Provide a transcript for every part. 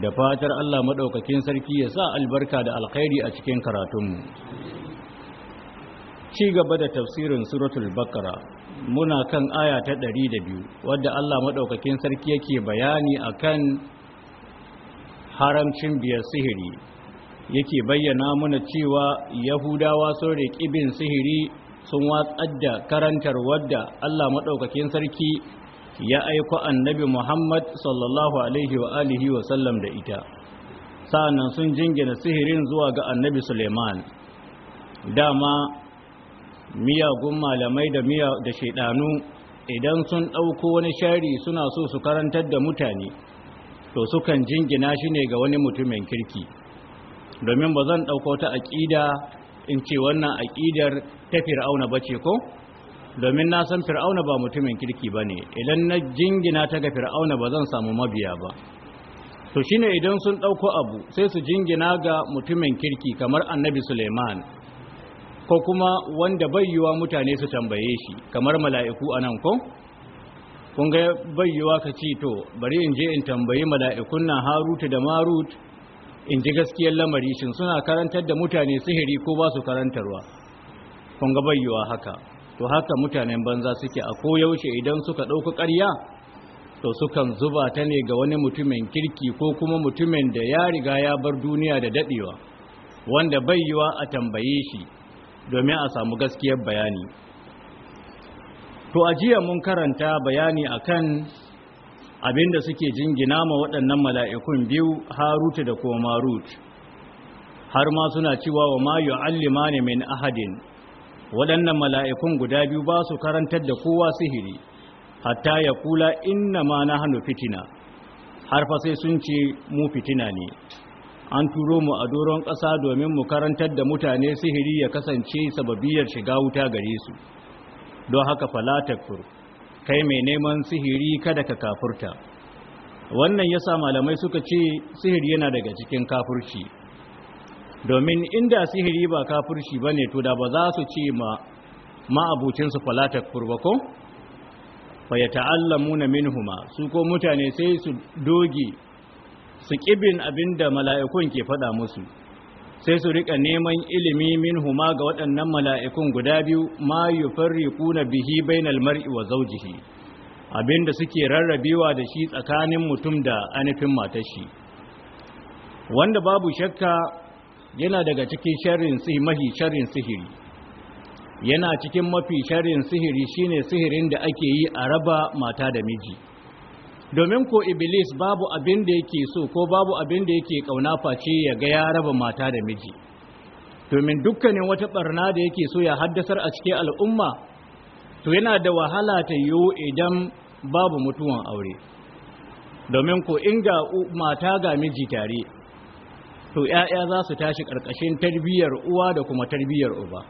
da fatar Allah maɗaukakin sarki ya sa albarka da alkhairi a cikin karatunmu ci gaba da tafsirin suratul bakara muna kan aya ta ɗari da biyu, wadda Allah maɗaukakin sarki yake bayani a kan haramcin biyar sihiri yake bayyana muna cewa yahudawa sun riƙi bin sihiri sun watsar da karantar wadda Allah maɗaukakin sarki ya aiko annabi Muhammad sallallahu alaihi wa alihi wa sallam da ita sa'annan sun jingina sihirin zuwa ga annabi Suleiman dama miyagun malamai da miya da shaidanu idan sun ɗauko wani shari suna so su karantar da mutane to sukan jingina shi ne ga wani mutumin kirki domin ba zan ɗauko ta aƙida in ce wannan aƙidar ta fir'auna ba ce ko domin na san fir'auna ba mutumin kirki ba ne idan na jingina ta ga fir'auna ba zan samu mabiya ba to shine idan sun ɗauko abu sai su jingina ga mutumin kirki kamar annabi suleiman ko kuma wanda bayyuwa mutane su tambaye shi kamar mala'iku a nan ko kun ga bayyuwa ka ci to bari in je in tambayi mala'ikun nan harutu da marut in ji gaskiyar lamari shin suna karantar da mutane sihiri ko ba su karantarwa kun ga bayyuwa haka to haka mutanen banza suke a koyaushe idan suka ɗauka ƙarya to sukan zuba ta ne ga wani mutumin kirki ko kuma mutumin da ya riga ya bar duniya da daɗewa wanda bai yiwa a tambaye shi domin a samu gaskiyar bayani to a jiya mun karanta bayani a akan da suke jingina ma waɗannan mala'ikun biyu Harutu da kuma marut har ma suna cewa wa ma ne min ahadin waɗannan mala'ikun guda biyu ba su karantar da kowa sihiri hatta ya kula inna ma na hannu fitina har fa sai sun ce mu fitina ne an turo mu a doron ƙasa domin mu karantar da mutane sihiri ya kasance sababiyar shiga wuta gare su don haka falatakfur kai mai neman sihiri kada ka kafurta wannan ya sa malamai suka ce sihiri yana daga cikin kafurci domin inda sihiri ba kafirci ba ne to da ba za su ce ma ma'abucinsu falatar ba ko fa ya ta'allamu na minhuma su ko mutane sai su doge su ƙibin abinda mala'ikun ke faɗa musu sai su rika neman ilimi minhuma ga waɗannan mala'ikun guda biyu ma yi kuna bihi bainal mar'i wa zaujihi abinda suke rarrabewa da shi tsakanin mutum da anifin matar shi wanda babu shakka yana daga cikin sharrin sihiri mafi sharrin sihiri yana cikin mafi sharrin sihiri shine sihirin da ake yi a raba mata da miji domin ko iblis babu abin da yake so ko babu abin da yake kauna face ya ga ya raba mata da miji domin dukkanin wata barna da yake so ya haddasar a cikin al'umma to yana da wahala ta yiwu idan babu mutuwan aure domin ko inga mata ga miji tare to ‘ya'ya za su tashi ƙarƙashin tarbiyyar uwa da kuma tarbiyyar uba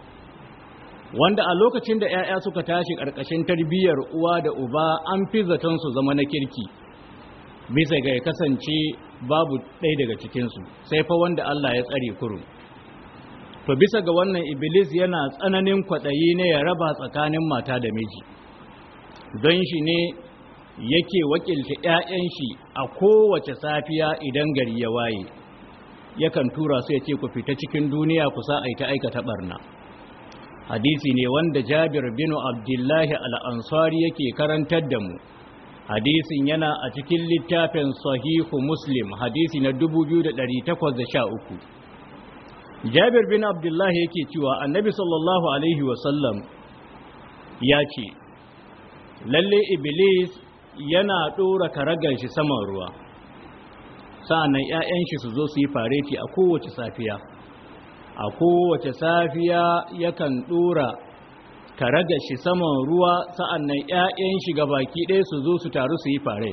wanda a lokacin da ‘ya'ya suka tashi ƙarƙashin tarbiyyar uwa da uba an fi zaton su zama na kirki bisa ga ya kasance babu ɗaya daga cikinsu sai fa wanda Allah ya tsare kurun to bisa ga wannan iblis yana tsananin kwaɗayi ne ya raba tsakanin mata da miji don shi ne yake wakilta ‘ya'yan shi a kowace safiya idan gari ya waye yakan tura su ya ce ku fita cikin duniya ku sa aita aikata barna hadisi ne wanda jabir bin abdullahi al-ansari yake karantar da mu hadisin yana a cikin littafin sahihu muslim hadisi na 2813 jabir bin abdullahi yake cewa annabi sallallahu alaihi wasallam ya ce lalle iblis yana ɗora karagar shi saman ruwa sa'annan 'ya'yan shi su zo su yi fareti a kowace safiya a kowace safiya yakan dora karaga shi saman ruwa sa'annan 'ya'yan shi ga baki ɗaya su zo su taru su yi fare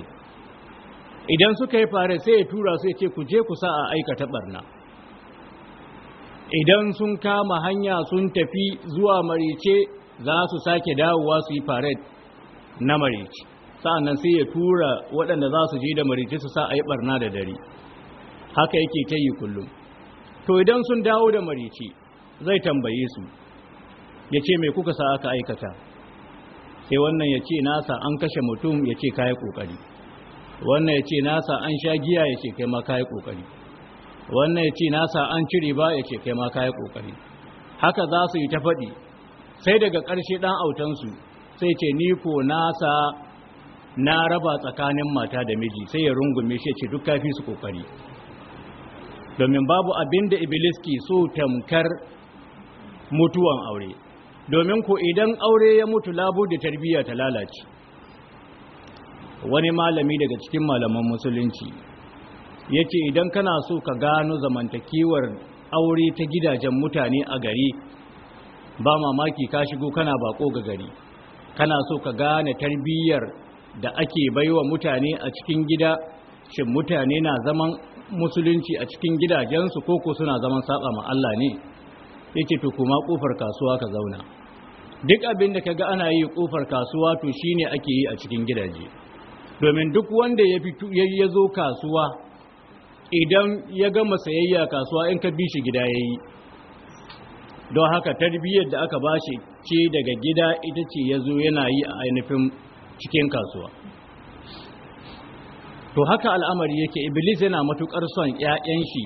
idan suka yi fare sai ya tura su ya ce ku je ku sa a aikata barna idan sun kama hanya sun tafi zuwa marice za su sake dawowa su yi fare na marice sa'annan sai ya tura waɗanda za su je da marici su sa a yi ɓarna da dare haka yake ta yi kullum to idan sun dawo da marici zai tambaye su ya ce mai kuka sa aka aikata sai wannan ya ce nasa an kashe mutum ya ce kayi ƙoƙari wannan ya ce nasa an sha giya ya ce kai ma kayi ƙoƙari wannan ya ce nasa an cire ba ya ce kai ma kayi ƙoƙari haka za su yi ta faɗi sai daga ƙarshe ɗan autansu sai ce ni ko nasa na raba tsakanin mata da miji sai ya rungume shi ce duk kafi su kokari domin babu abin da iblis ke so tamkar mutuwan aure domin ko idan aure ya mutu labo da tarbiyya ta lalace wani malami daga cikin malaman musulunci ya ce idan kana so ka gano zamantakewar aure ta gidajen mutane a gari ba mamaki ka shigo kana bako ga gari kana so ka gane tarbiyyar da ake baiwa mutane a cikin gida shin mutane na zaman musulunci a cikin gidajensu koko suna zaman saba ma Allah ne yake to kuma kofar kasuwa ka zauna duk abin da kaga ana yi kofar kasuwa to shine ake yi a cikin gidaje domin duk wanda ya fito ya zo kasuwa idan ya gama sayayya kasuwa in ka bi shi gida yayi don haka tarbiyyar da aka bashi ce daga gida ita ce ya zo yana yi a ainihin cikin kasuwa to haka al'amari yake iblis yana matukar son ƴaƴan shi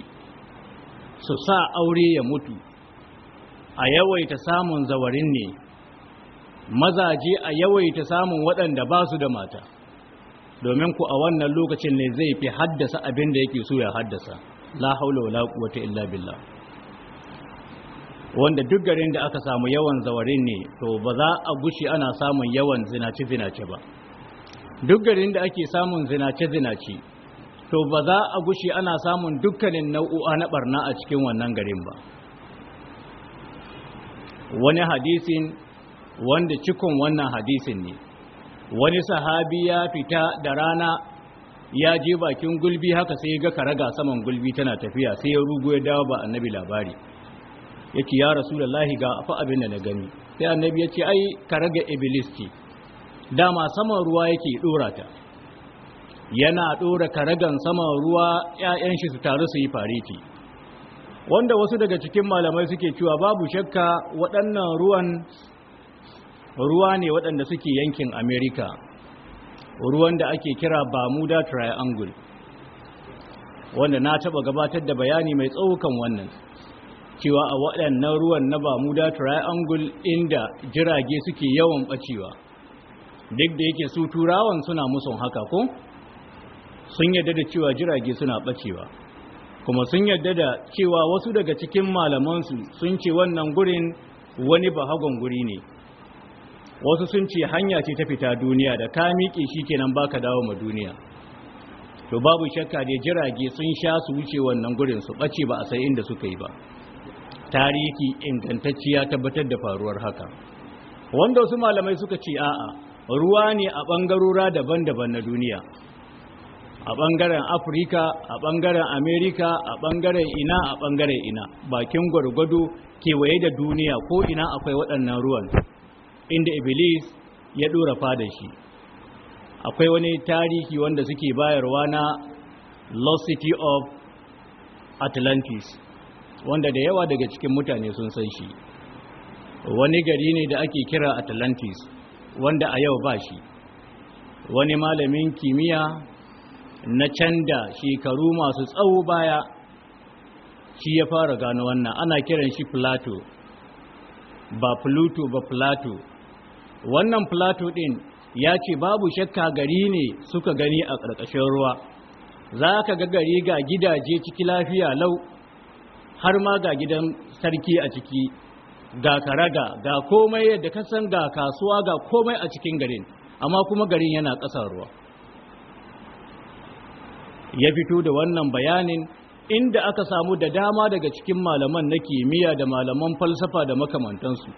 su sa aure ya mutu a yawaita samun zawarin ne mazaje a yawaita samun waɗanda ba su da mata domin ku a wannan lokacin ne zai fi haddasa abin da yake so ya haddasa la haula wala quwwata illa billah wanda duk garin da aka samu yawan zawarin ne to ba za a gushi ana samun yawan zinace-zinace ba duk garin da ake samun zinace-zinace to ba za a gushi ana samun dukkanin nau'u'a na barna a cikin wannan garin ba wani hadisin wanda cikon wannan hadisin ne wani sahabi ya fita da rana ya je bakin gulbi haka sai ga karaga saman gulbi tana tafiya sai ya rugu ya dawo ba annabi labari yake ya rasulullahi ga fa abin da na gani sai annabi ya ce ai ka raga iblis ce dama saman ruwa yake dora ta yana dora karagan saman ruwa ƴaƴan shi su taru su yi fariti wanda wasu daga cikin malamai suke cewa babu shakka waɗannan ruwan ruwa ne waɗanda suke yankin america ruwan da ake kira Bermuda Triangle wanda na taɓa gabatar da bayani mai tsawukan wannan cewa a waɗannan ruwan na bamuda triangle inda jirage suke yawan ɓacewa duk da yake su turawan suna musun haka ko sun yadda da cewa jirage suna ɓacewa kuma sun yadda da cewa wasu daga cikin malamansu sun ce wannan gurin wani bahagon guri ne wasu sun ce hanya ce ta fita duniya da ka miƙe shi kenan baka dawo ma duniya to babu shakka da jirage sun sha su wuce wannan gurin su ɓace ba a sai inda suka yi ba tarihi ingantacciya tabbatar da faruwar haka wanda wasu malamai suka ce a'a ruwa ne a bangarora daban-daban na duniya a bangaren afirka a bangaren amerika a bangaren ina a bangaren ina bakin gwargwado kewaye da duniya ko ina akwai waɗannan ruwan inda iblis ya ɗora fada shi akwai wani tarihi wanda suke bayarwa na lost city of atlantis wanda da yawa daga cikin mutane sun san shi wani gari ne da ake kira atlantis wanda a yau ba shi wani malamin kimiyya na canda shekaru masu tsawo baya shi ya fara gano wannan ana kiran shi plato ba pluto ba plato wannan plato din ya ce babu shakka gari ne suka gani a ƙarƙashin ruwa za ka ga gari ga gidaje ciki lafiya lau har ma ga gidan sarki a ciki ga karaga ga komai yadda ka san ga kasuwa ga komai a cikin garin amma kuma garin yana ƙasar ruwa ya fito da wannan bayanin inda aka samu da dama daga cikin malaman na kimiyya da malaman falsafa da makamantansu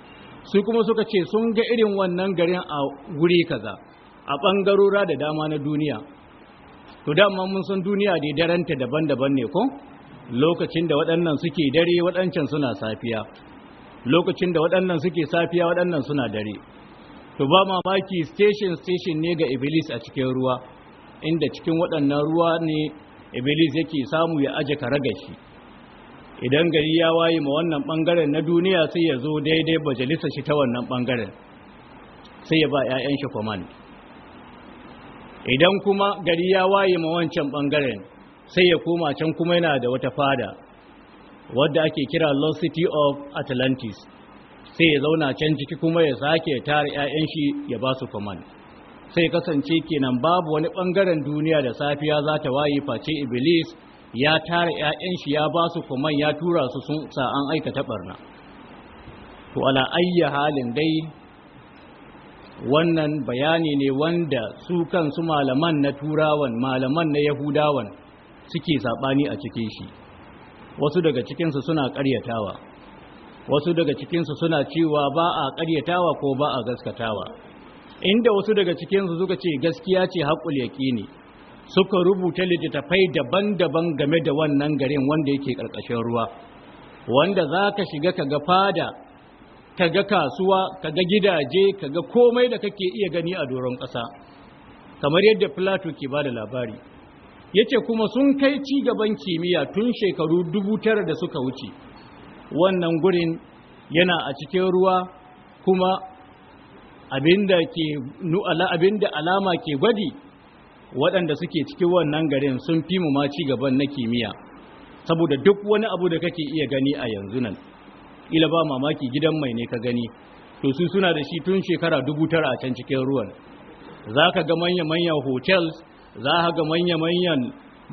su kuma suka ce sun ga irin wannan garin a wuri kaza a ɓangarora da dama na duniya to dama mun san duniya dai daranta daban-daban ne ko lokacin da waɗannan suke dare waɗancan suna safiya lokacin da waɗannan suke safiya waɗannan suna dare to ba mamaki station station ne ga iblis a cikin ruwa inda cikin waɗannan ruwa ne iblis yake samu ya aje raga shi idan gari ya waye ma wannan bangaren na duniya sai ya zo daidai bajalisa shi ta wannan bangaren sai ya ba 'ya'yan shi command idan kuma gari ya waye ma wancan bangaren sai ya koma can kuma yana da wata fada wadda ake kira Lost City of Atlantis sai ya zauna can ciki kuma ya sake tare 'ya'yan shi ya ba su command sai kasance kenan babu wani bangaren duniya da safiya za ta waye face Iblis ya tara 'ya'yan shi ya ba su command ya tura su sun sa an aikata barna to ala ayya halin dai wannan bayani ne wanda su kansu malaman na turawan malaman na yahudawan suke saɓani a cikin shi wasu daga cikinsu suna ƙaryatawa wasu daga cikinsu suna cewa ba a ƙaryatawa ko ba a gaskatawa inda wasu daga cikinsu suka ce gaskiya ce haƙul ne, suka rubuta littattafai daban-daban game da wannan garin wanda yake ƙarƙashin ruwa wanda za ka shiga ka ga fada ka ga kasuwa ka ga gidaje ka ga komai da kake iya gani a doron ƙasa kamar yadda plato ke ba da labari yace kuma sun kai ci gaban kimiyya tun shekaru dubu tara da suka wuce wannan gurin yana a cikin ruwa kuma abinda ke nu'ala abinda alama ke gwadi waɗanda suke cikin wannan garin sun fi mu ma ci gaban na kimiyya saboda duk wani abu da kake iya gani a yanzu nan ila ba mamaki gidan mai ne ka gani to su suna da shi tun shekara dubu tara a can cikin ruwan za ka ga manya-manyan hotels za ka ga manya-manyan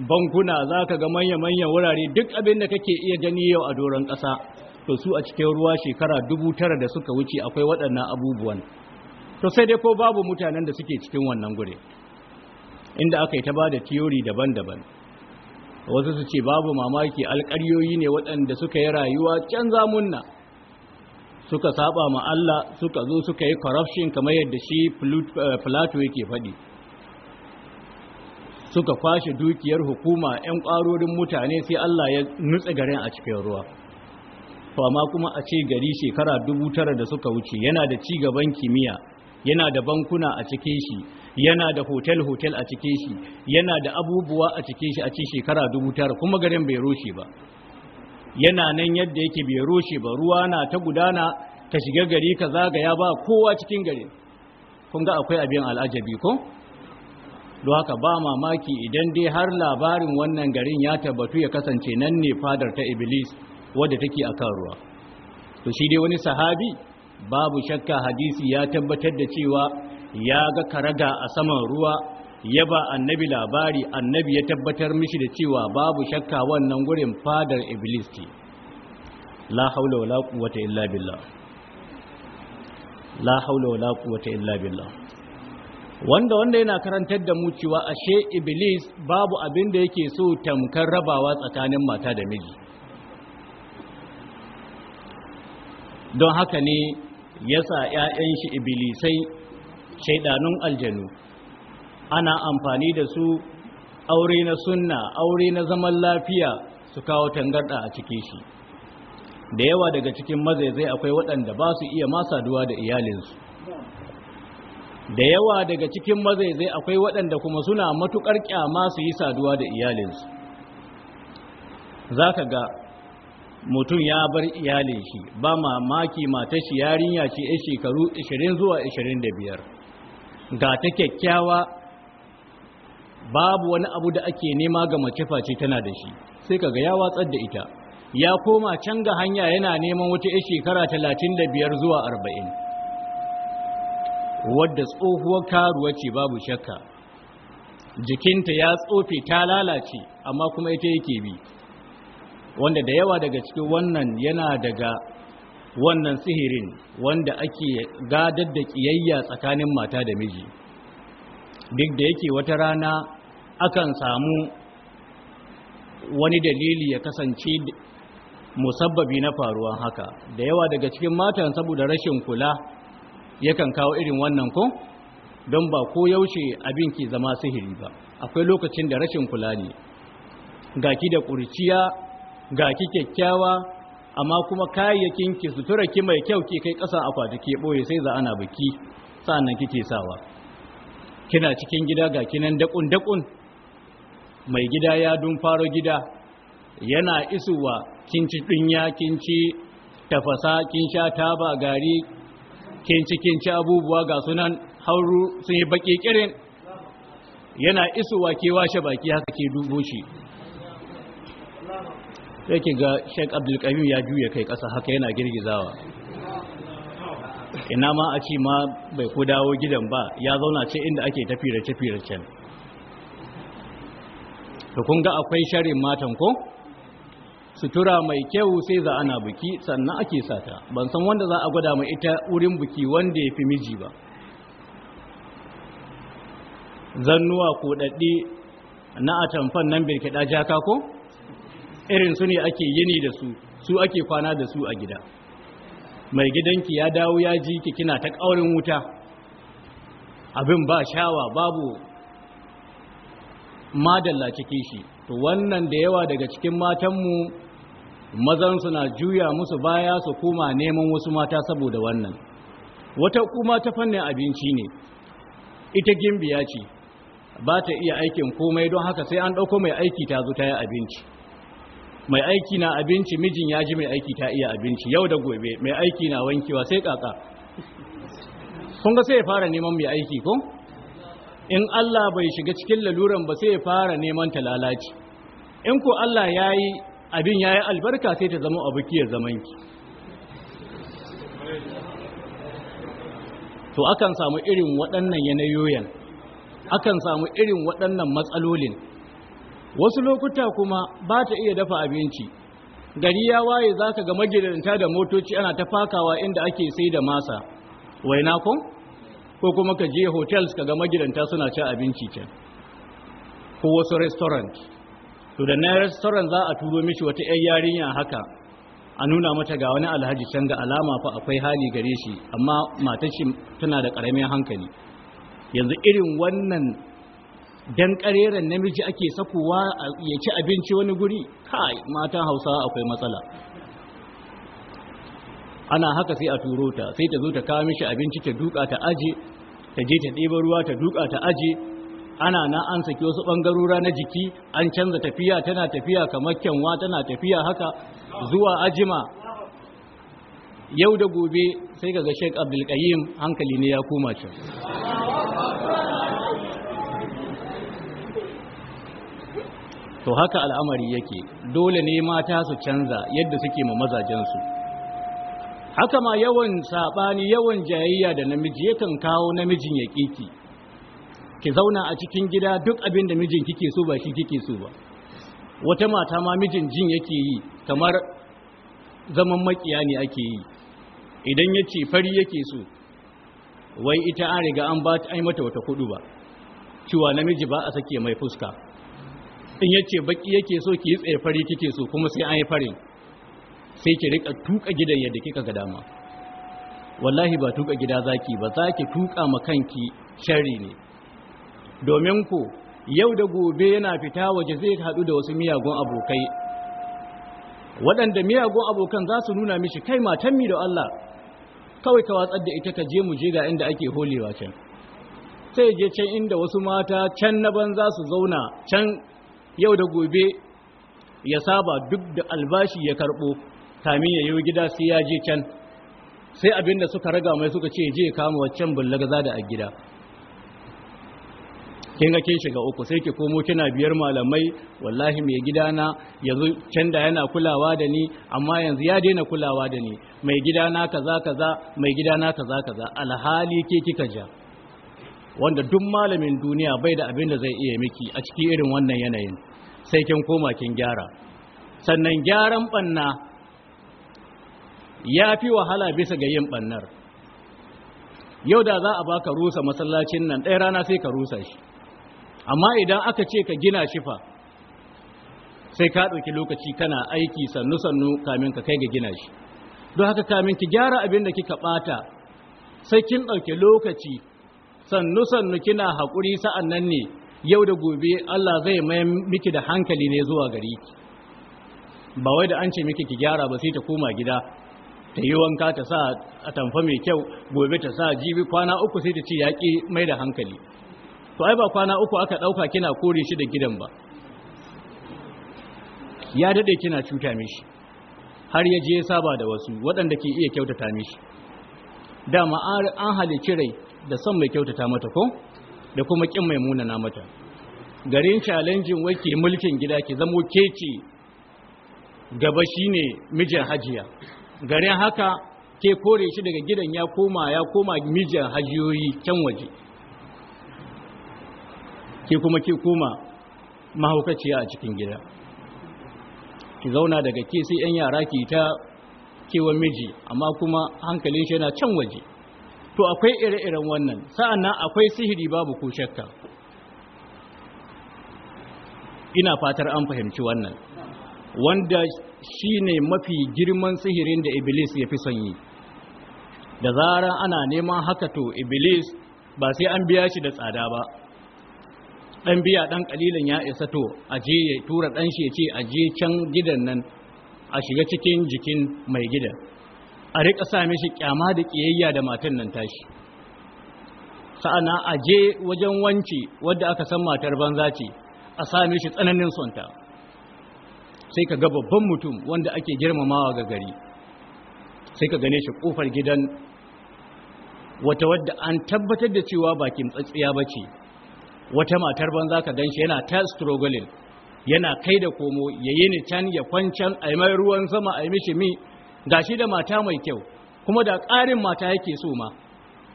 bankuna za ka ga manya-manyan wurare duk abin da kake iya gani yau a doron ƙasa to su a cikin ruwa shekara dubu tara da suka wuce akwai waɗannan abubuwan to sai dai ko babu mutanen da suke cikin wannan gure inda aka yi ta ba da tiyori daban-daban wasu su ce babu mamaki alƙaryoyi ne waɗanda suka yi rayuwa can zamunna suka saba ma Allah suka zo suka yi corruption kamar yadda shi eh, Plato yake faɗi suka kwashe dukiyar hukuma 'yan ƙwarorin mutane sai Allah ya nutse garin a cikin ruwa fama kuma a ce gari shekara dubu tara da suka wuce yana da ci gaban kimiyya yana da bankuna a cikin shi yana da hotel-hotel a cikin shi yana da abubuwa a cikin shi a ce shekara dubu tara kuma garin bai rushe ba yana nan yadda yake bai rushe ba ruwa na ta gudana ta shiga gari ka zagaya ba kowa cikin gari kun ga akwai abin al'ajabi ko don haka ba mamaki idan dai har labarin wannan garin ya tabbatu ya kasance nan ne fadar ta iblis wadda take a kan ruwa to shi dai wani sahabi babu shakka hadisi ya tabbatar da cewa ya ga karaga a saman ruwa ya ba annabi labari annabi ya tabbatar mishi da cewa babu shakka wannan gurin fadar iblis ce la haula wala quwwata illa billah la haula wala quwwata illa billah wanda wanda yana karantar da mu cewa ashe iblis babu abin da yake so tamkar rabawa tsakanin mata da miji don haka ne ya sa 'ya'yan shi iblisai shaidanun aljanu ana amfani da su aure na sunna aure na zaman lafiya su kawo tangarda a cike shi da yawa daga cikin mazaizai akwai waɗanda ba su iya ma saduwa da iyalinsu da yawa daga cikin mazaizai akwai waɗanda kuma suna matuƙar ƙyama su yi saduwa da iyalinsu za ka ga mutum ya bar iyalin shi ba mamaki mata shi yarinya ce ya shekaru 20 zuwa 25 ga ta kyakkyawa babu wani abu da ake nema ga mace face tana da shi sai kaga ya watsar da ita ya koma can ga hanya yana neman wata ya shekara 35 zuwa arba'in. wadda tsohuwar karuwa ce babu shakka jikinta ya tsofe ta lalace amma kuma ita yake bi wanda da yawa daga cikin wannan yana daga wannan sihirin wanda ake gadar da kiyayya tsakanin mata da miji duk da yake wata rana akan samu wani dalili ya kasance musabbabi na faruwan haka da yawa daga cikin matan saboda rashin kula yakan kawo irin wannan ko don ba ko yaushe abin ke zama sihiri ba akwai lokacin da rashin kula ne ga ki da ƙurciya ga ki kyakkyawa amma kuma kayayyakin ki sutura ki mai kyau ki kai ƙasa akwati ke ɓoye sai za ana biki sa'annan kike sawa kina cikin gida ga kinan dakun dakun mai gida ya dun faro gida yana isuwa kinci dunya kinci tafasa kin sha taba gari kinci-kinci abubuwa ga sunan hauru sun yi baƙi ƙirin? yana isowa ke washe baki haka ke dubo shi sai ke ga sheik abdulkamim ya juya kai ƙasa haka yana girgizawa ina ma a ce ma bai ku dawo gidan ba ya zauna ce inda ake tafi da can Da kun ga akwai sharin matan ko sutura mai kyau sai za ana buki sannan ake sata ban san wanda za a gwada mai ita wurin buki wanda ya fi miji ba zannuwa ko daɗe na atamfan nan birkiɗa jaka ko irin su ne ake yini da su su ake kwana da su a gida mai gidanki ya dawo ya ji ki kina ta ƙaurin wuta abin ba shawa babu madalla kishi. shi to wannan da yawa daga cikin matanmu mazan na juya musu baya su koma neman wasu mata saboda wannan wata kuma ta fannin abinci ne ita gimbiya ce ba ta iya aikin komai don haka sai an ɗauko mai aiki ta zo ta yi abinci mai aiki na abinci mijin ya ji mai aiki ta iya abinci yau da gobe mai aiki na wankewa sai kaka kun ga sai ya fara neman mai aiki ko in Allah bai shiga cikin laluran ba sai ya fara neman ta lalaci in ko Allah ya yi abin ya yi albarka sai ta zama abuki ya zamanki to akan samu irin waɗannan yanayoyin akan samu irin waɗannan matsalolin wasu lokuta kuma ba ta iya dafa abinci gari ya waye za ka ga magidanta da motoci ana ta fakawa inda ake sai da masa waina kun ko kuma ka je hotels ka ga magidanta suna ci abinci can ko wasu restaurant to da na restaurant za a turo mishi wata 'yan yarinya haka a nuna mata ga wani alhaji can ga alama fa akwai hali gare shi amma matar tana da karamin hankali yanzu irin wannan dan kareren namiji ake sakowa ya ci abinci wani guri kai mata hausa akwai matsala ana haka sai a turo ta sai ta zo ta kawo mishi abinci ta duka ta aje ta je ta ɗeba ruwa ta duka ta aje ana na an saki wasu ɓangarora na jiki an canza tafiya tana tafiya kamar kyanwa tana tafiya haka zuwa ajima yau da gobe sai kaga sheik abdulkayim hankali ne ya koma shi to haka al'amari yake dole ne mata su canza yadda suke ma mazajensu haka ma yawan saɓani yawan jayayya da namiji yakan kawo namijin ya kiki ki zauna a cikin gida duk abin da mijin kike so ba shi kike so ba wata mata ma mijin jin yake yi kamar zaman makiya ne ake yi idan ya ce fari yake so wai ita an riga an ba ta mata wata kudu ba cewa namiji ba a sake mai fuska in ya ce baki yake so ki yi tsaye fari kike so kuma sai an yi farin sai ki rika tuka gidan yadda kika ga dama wallahi ba tuka gida zaki ba zaki tuka ma kanki sharri ne domin ku yau da gobe yana fita waje zai haɗu da wasu miyagun abokai waɗanda miyagun abokan za su nuna mishi kai matan mi da Allah kawai ka watsar da ita ka je mu je ga inda ake holewa can sai je can inda wasu mata can na ban za su zauna can yau da gobe ya saba duk da albashi ya karɓo kamin ya yi gida sai ya je can sai abinda suka raga mai suka ce je kama waccan za da a gida kin ga kin shiga uku sai ki komo kina biyar malamai wallahi mai gidana yanzu can da yana kulawa da ni amma yanzu ya daina kulawa da ni mai gidana kaza kaza mai gidana kaza kaza alhali ke kika ja wanda duk malamin duniya bai da abin da zai iya miki a cikin irin wannan yanayin sai kin koma kin gyara sannan gyaran banna ya fi wahala bisa ga yin bannar yau da za a baka rusa masallacin nan ɗaya rana sai ka rusa shi amma idan aka ce ka gina shi fa sai ka ɗauki lokaci kana aiki sannu sannu kamin ka kai ga gina shi don haka kamin ki gyara abin da kika ɓata sai kin ɗauki lokaci sannu sannu kina haƙuri sa'an nan ne yau da gobe Allah zai mayan miki da hankali ne zuwa gari ba wai da an ce miki ki gyara ba sai ta koma gida ta yi wanka ta sa a tamfa mai kyau gobe ta sa jibi kwana uku sai ta ce yaƙi mai da hankali to ai ba kwana uku aka ɗauka kina kore shi da gidan ba ya daɗe kina cuta mishi har ya je saba da wasu waɗanda ke iya kyautata mishi dama an halicci rai da son mai kyautata mata ko da kuma ƙin mai munana mata garin challenging wake mulkin gida ke zamo keci gaba shine mijin hajiya garin haka ke kore shi daga gidan ya koma ya koma mijin hajiyoyi can waje Ke kuma ke kuma mahaukaciya a cikin gida ki zauna daga ke sai yan yara ki ta kewan miji amma kuma hankalin shi yana can waje to akwai ire-iren wannan sa'annan akwai sihiri babu ko shakka ina fatar an fahimci wannan wanda shine mafi girman sihirin da iblis ya fi son yi da zaran ana neman haka to iblis ba sai an biya shi da tsada ba dan biya dan kalilan ya isa to aje ya tura dan shi ya ce aje can gidan nan a shiga cikin jikin mai gidan a rika sa mishi kyama da kiyayya da matan nan tashi sa'ana je wajen wanci wadda aka san matar banza ce a sa mishi tsananin sonta sai ka ga babban mutum wanda ake girmamawa ga gari sai ka gane shi kofar gidan wata wadda an tabbatar da cewa bakin tsatsiya bace wata matar banza ka ganshi yana ta struggling yana kai da komo ya yi can ya kwancan a mai ruwan sama a mishi mi ga shi da mata mai kyau kuma da ƙarin mata yake so ma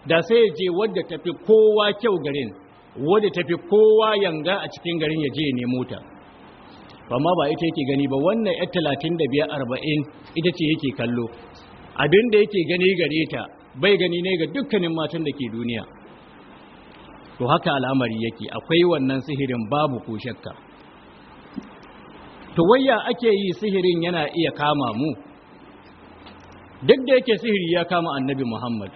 da sai ya je wadda tafi kowa kyau garin wadda tafi kowa yanga a cikin garin ya je ya nemo ta amma ba ita yake gani ba wannan yar talatin da biyar arba'in ita ce yake kallo abin da yake gani gare ta bai gani ne ga dukkanin matan da ke duniya to haka al'amari yake akwai wannan sihirin babu ko shakka to wayya ake yi sihirin yana iya kama mu duk da yake sihiri ya kama annabi Muhammad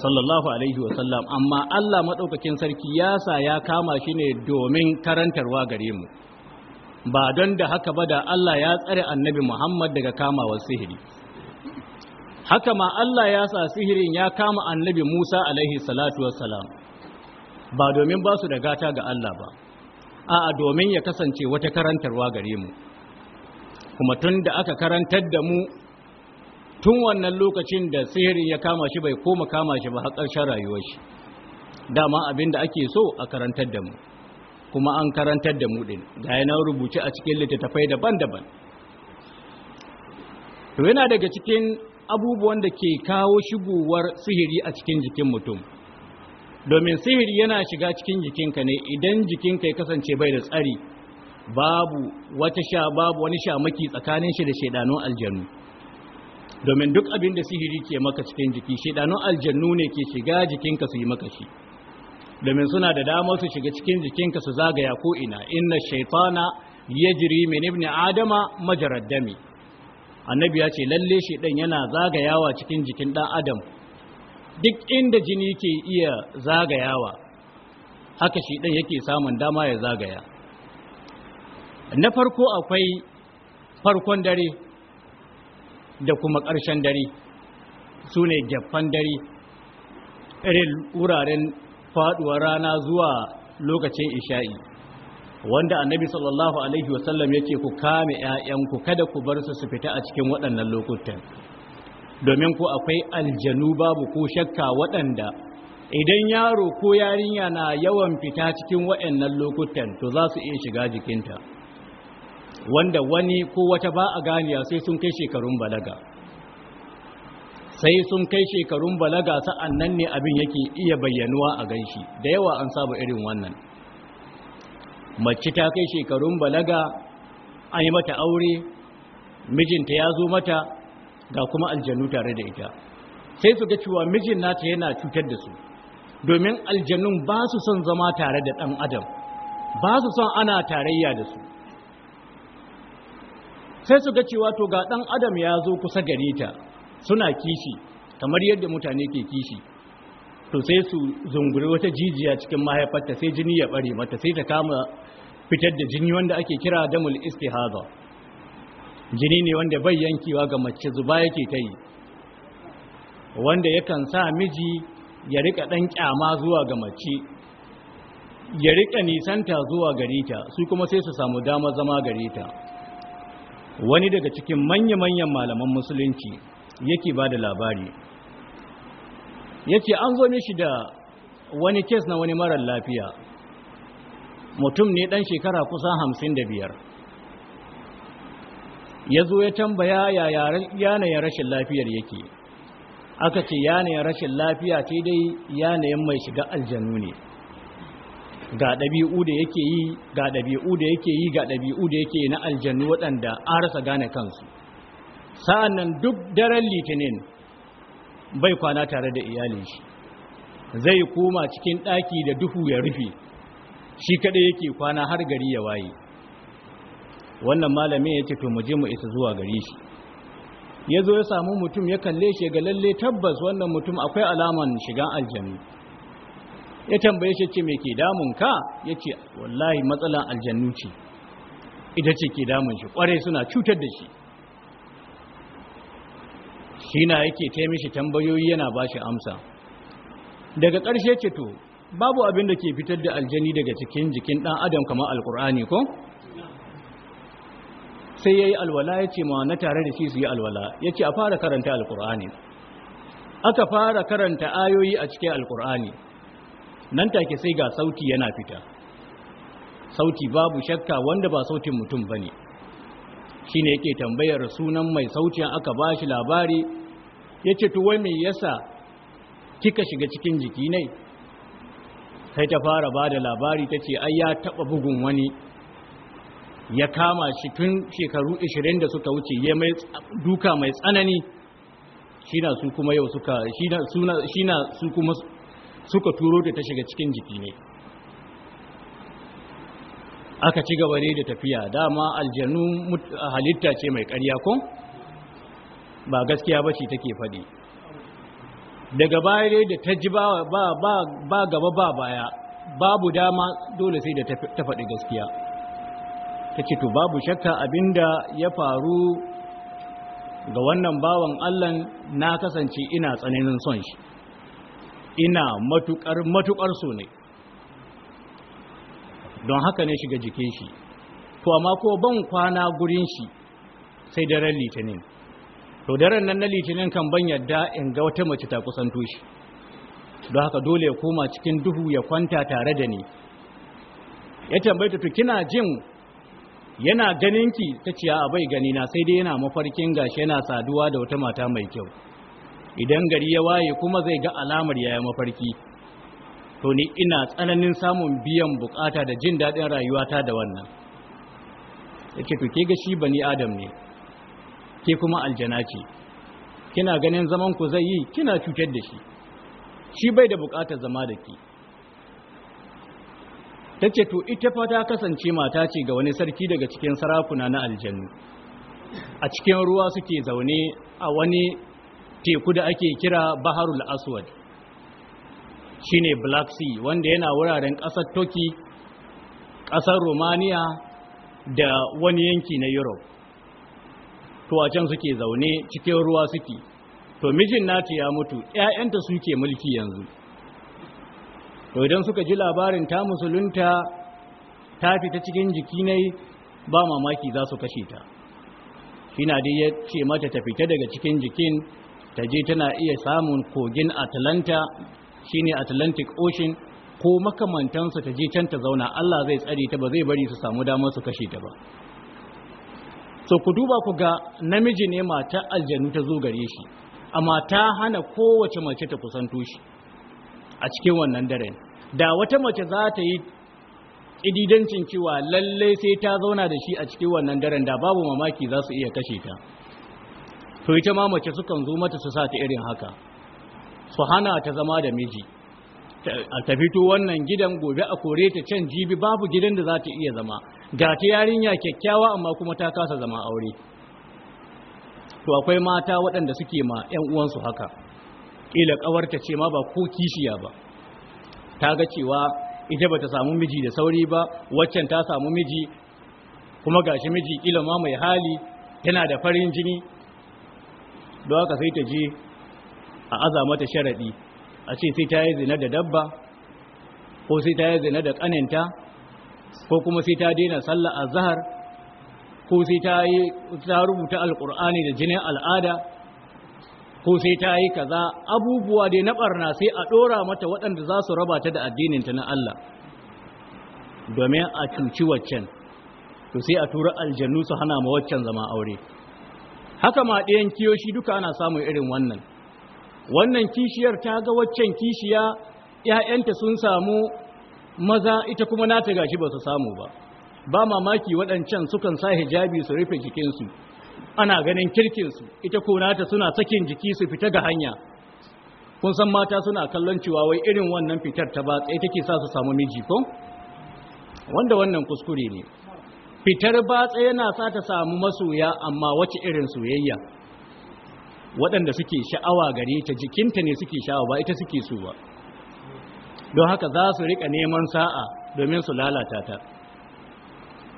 sallallahu alaihi wasallam amma Allah maɗaukakin sarki ya sa ya kama shi ne domin karantarwa gare mu ba don da haka ba da Allah ya tsare annabi Muhammad daga kamawar sihiri haka ma Allah ya sa sihirin ya kama annabi Musa alaihi salatu wassalam ba domin ba su da gata ga Allah ba a'a domin ya kasance wata karantarwa gare mu kuma tun da aka karantar da mu tun wannan lokacin da sihirin ya kama shi bai koma kama shi ba har ƙarshen rayuwar shi dama abin da ake so a karantar da mu kuma an karantar da mu din ga yana rubuce a cikin littattafai daban-daban to yana daga cikin abubuwan da ke kawo shigowar sihiri a cikin jikin mutum domin sihiri yana shiga cikin jikinka ne idan jikinka ya kasance bai da tsari babu wata sha babu wani shamaki tsakanin shi da shaidanun aljannu domin duk abin da sihiri ke maka cikin jiki shaidanun aljannu ne ke shiga jikinka su yi maka shi domin suna da damar su shiga cikin jikinka su zagaya ko ina inna shaytana yajri min ibni adama majarad dami annabi ya ce lalle shaidan yana zagayawa cikin jikin dan adam duk inda jini ke iya zagayawa haka shi ɗan yake samun dama ya zagaya na farko akwai farkon dare da kuma ƙarshen dare su ne gyaffan dare irin wuraren faɗuwar rana zuwa lokacin isha'i wanda annabi sallallahu alaihi wasallam ya ku kame 'ya'yanku kada ku bar su su fita a cikin waɗannan lokutan domin ko akwai aljanu babu ko shakka waɗanda idan yaro ko yarinya na yawan fita cikin waɗannan lokutan to za su iya shiga jikinta wanda wani ko wata ba a ganiya sai sun kai shekarun balaga sai sun kai shekarun balaga sa'an nan ne abin yake iya bayyanuwa a ganshi da yawa an saba irin wannan mace ta kai shekarun balaga an yi mata aure mijinta ya zo mata ga kuma aljanu tare da ita sai su ga cewa mijin nata yana cutar da su domin aljanun ba su son zama tare da ɗan adam ba su son ana tarayya da su sai su ga cewa to ga ɗan adam ya zo kusa gare ta suna kishi kamar yadda mutane ke kishi to sai su zunguri wata jijiya cikin mahaifarta sai jini ya bare mata sai ta kama fitar da jini wanda ake kira damul istihaza jini ne wanda bai yankewa ga mace zuba yake ta yi wanda yakan sa miji ya rika ɗan ƙyama zuwa ga mace ya rika nisanta zuwa gare ta su kuma sai su samu dama zama gare ta wani daga cikin manya-manyan malaman musulunci yake ba da labari ya an zo mishi da wani kes na wani marar lafiya mutum ne ɗan shekara kusan hamsin da biyar ya zo ya tambaya yanayin rashin lafiyar yake aka ce yanayin rashin lafiya ce dai yanayin mai shiga aljanu ne ga ɗabi'u da yake yi ga ɗabi'u da yake yi ga ɗabi'u da yake yi na aljanu waɗanda an rasa gane kansu sa'an nan duk daren litinin bai kwana tare da iyalin shi zai koma cikin ɗaki da duhu ya rufe shi kaɗai yake kwana har gari ya waye wannan malami ya ce to mu je mu isa zuwa gare shi ya zo ya samu mutum ya kalle shi ga lalle tabbas wannan mutum akwai alaman shiga aljanna ya tambaye shi ce me ke damun ka ya wallahi matsalan aljannu ce ita ce ke damun shi kwarai suna cutar da shi shi na yake ta mishi tambayoyi yana ba shi amsa daga ƙarshe ce to babu abin da ke fitar da aljani daga cikin jikin ɗan adam kamar alkur'ani ko sai ya yi alwala ya ce ma na tare da shi su yi alwala ya ce a fara karanta alkur'ani aka fara karanta ayoyi a cikin alkur'ani nan take sai ga sauti yana fita sauti babu shakka wanda ba sautin mutum ba ne shi ne yake tambayar sunan mai sautin aka ba shi labari ya ce tuwa mai yasa kika shiga cikin jiki ne sai ta fara ba da labari ta ce ai ya taɓa bugun wani ya kama shi tun shekaru 20 da suka wuce ya mai duka mai tsanani na su kuma yau suka na su kuma suka turo da ta shiga cikin jiki ne aka ci gaba ne da tafiya dama aljanu halitta ce mai karya ko ba gaskiya ba shi take faɗi daga baya dai da ta ji ba gaba ba baya babu dama dole sai da ta faɗi gaskiya ta ce to babu shakka abinda ya faru ga wannan bawan allan na kasance ina tsananin son shi ina matukar matukar so ne don haka ne shiga jikin shi to amma ko ban kwana gurin shi sai daren litinin to daren nan na litinin kan ban yadda in ga wata mace ta kusanto shi don haka dole ya koma cikin duhu ya kwanta tare da ni ya tambaye ta to kina jin yana ganin ki ta ce a bai gani na sai dai yana mafarkin gashi yana saduwa da wata mata mai kyau idan gari ya waye kuma zai ga alamar yaya mafarki to ni ina tsananin samun biyan bukata da jin daɗin rayuwata da wannan yake to ke ga shi bani adam ne ke kuma aljana ce kina ganin zaman ku zai yi kina cutar da shi shi bai da bukatar zama da ki. ta ce to ita fa ta kasance mata ce ga wani sarki daga cikin sarakuna na aljannu a cikin ruwa suke zaune a wani teku da ake kira baharul aswad shine black sea wanda yana wuraren ƙasar turkey ƙasar romania da wani yanki na europe to a can suke zaune cikin ruwa suke to mijin nata ya mutu 'ya'yanta suke mulki yanzu to idan suka ji labarin ta musulunta ta fita cikin jiki ne ba mamaki za su kashe ta shina dai ya ce mata ta fita daga cikin jikin ta je tana iya samun kogin atlanta shine atlantic ocean ko makamantansa ta je can ta zauna Allah zai tsare ta ba zai bari su samu damar su kashe ta ba so ku duba ku ga namiji ne mata aljanu ta zo gare shi amma ta hana kowace mace ta kusanto shi a cikin wannan daren da wata mace za ta yi ididancin cewa lalle sai ta zauna da shi a cikin wannan daren da babu mamaki za su iya kashe ta to ita ma mace sukan zo mata su sa ta irin haka su hana ta zama da miji ta fito wannan gidan gobe a kore ta can jibi babu gidan da za ta iya zama ga ta yarinya kyakkyawa amma kuma ta kasa zama aure to akwai mata waɗanda suke ma 'yan uwansu haka ƙila ƙawarta ce ma ba ko kishiya ba ta ga cewa ita ba ta samu miji da sauri ba waccan ta samu miji kuma gashi miji kila ma mai hali Tana da farin jini don haka sai ta je a aza mata sharaɗi a ce sai ta yi zina da dabba ko sai ta yi zina da ƙaninta ko kuma sai ta daina sallah a zahar ko sai ta rubuta alƙur'ani da jinin al'ada ko sai ta yi kaza abubuwa dai na barna sai a ɗora mata waɗanda za su raba ta da addinin ta na Allah domin a cuci waccan to sai a tura aljannu su hana ma waccan zama aure haka ma ɗayan kiyoshi duka ana samun irin wannan wannan kishiyar ta ga waccan kishiya ‘ya'yanta sun samu maza ita kuma nata gashi ba su samu ba ba mamaki waɗancan sukan sa hijabi su rufe jikinsu ana ganin kirkinsu ita ko nata suna sakin jiki su fita ga hanya kun san mata suna kallon cewa wai irin wannan fitar ta ba take sa su samu miji ko wanda wannan kuskure ne fitar ba yana sa ta samu masoya amma wace irin soyayya waɗanda suke sha'awa gare ta jikinta ne suke sha'awa ba ita suke so ba don haka za su rika neman sa'a domin su lalata ta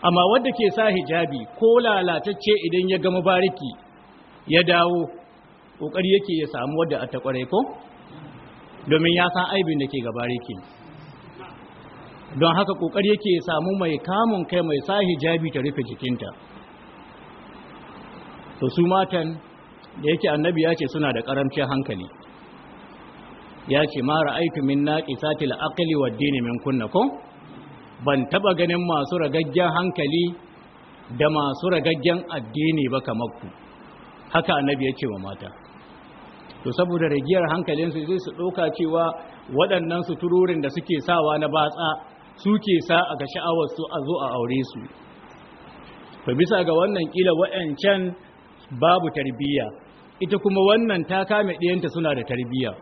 amma wadda ke sa hijabi ko lalatacce idan ya gama bariki ya dawo kokari yake ya samu wadda a takware ko domin ya san aibin da ke ga bariki. don haka kokari yake ya samu mai kamun kai mai sa hijabi ta rufe jikinta to su matan da yake annabi ya ce suna da karamcin hankali ya ce mara aiki min sati aqli wa dini min kunna ko ban taba ganin masu ragaggen hankali da masu ragaggen addini ba kamar ku haka annabi ya ce wa mata to saboda ragiyar hankalinsu zai su ɗauka cewa waɗannan suturorin da suke sawa na batsa suke sa a ga sha'awar su a zo a aure su to bisa ga wannan kila wa'ancan babu tarbiyya ita kuma wannan ta kame ɗiyanta suna da tarbiyya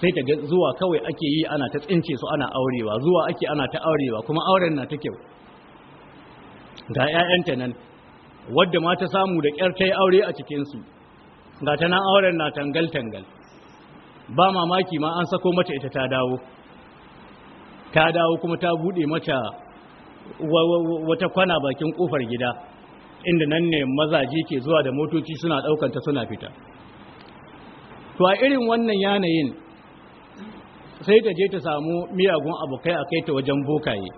sai ta zuwa kawai ake yi ana ta tsince su ana aurewa zuwa ake ana ta aurewa kuma auren na ta kyau ga 'ya'yanta nan wadda ma ta samu da ƙyar ta yi aure a cikinsu ga ta nan auren na tangal-tangal ba mamaki ma an sako mata ita ta dawo ta dawo kuma ta buɗe mata wata kwana bakin ƙofar gida inda nan ne mazaje ke zuwa da motoci suna ɗaukanta suna fita to a irin wannan yanayin sai ta je ta samu miyagun abokai a kai ta wajen bokaye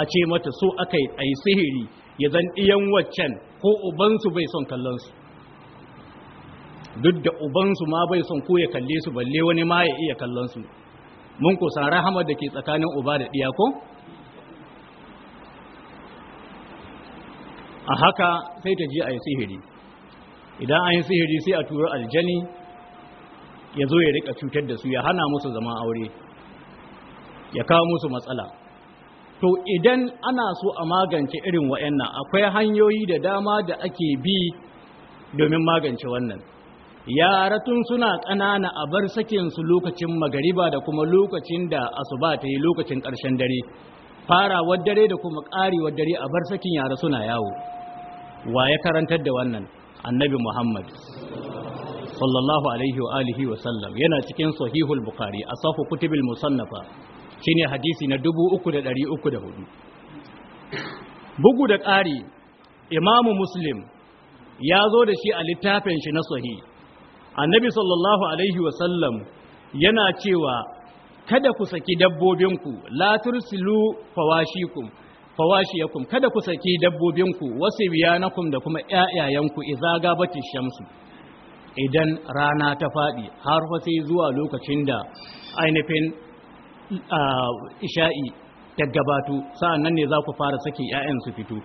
a ce mata so aka yi a yi sihiri ya zan iyan waccan ko ubansu bai son kallonsu duk da ubansu ma bai son ko ya kalle su balle wani ma ya iya kallonsu mun kusan rahama da ke tsakanin uba da ɗiya ko a haka sai ta je a yi sihiri idan an yi sihiri sai a turo aljani ya zo ya rika cutar da su ya hana musu zama aure ya kawo musu matsala to idan ana so a magance irin wa'annan akwai hanyoyi da dama da ake bi domin magance wannan yaratun suna ƙanana a bar sakinsu lokacin magariba da kuma lokacin da asuba ta yi lokacin ƙarshen dare farawar dare da kuma ƙarewar dare a bar sakin yara suna yawo wa ya karantar da wannan annabi muhammad sallallahu alaihi wa alihi wa sallam yana cikin sahihul bukhari asafu kutubil musannafa shine hadisi na 3304 bugu da ƙari imamu muslim ya zo da shi a littafin shi na sahih annabi sallallahu alaihi wa sallam yana cewa kada ku saki dabbobinku la tursilu fawashikum fawashiyakum kada ku saki dabbobinku wasu biyanakum da kuma ƴaƴayanku idza gabati shamsu idan rana ta faɗi har fa sai zuwa lokacin da ainihin isha'i ta gabatu sa'an nan ne za ku fara sake ‘ya'yan su fito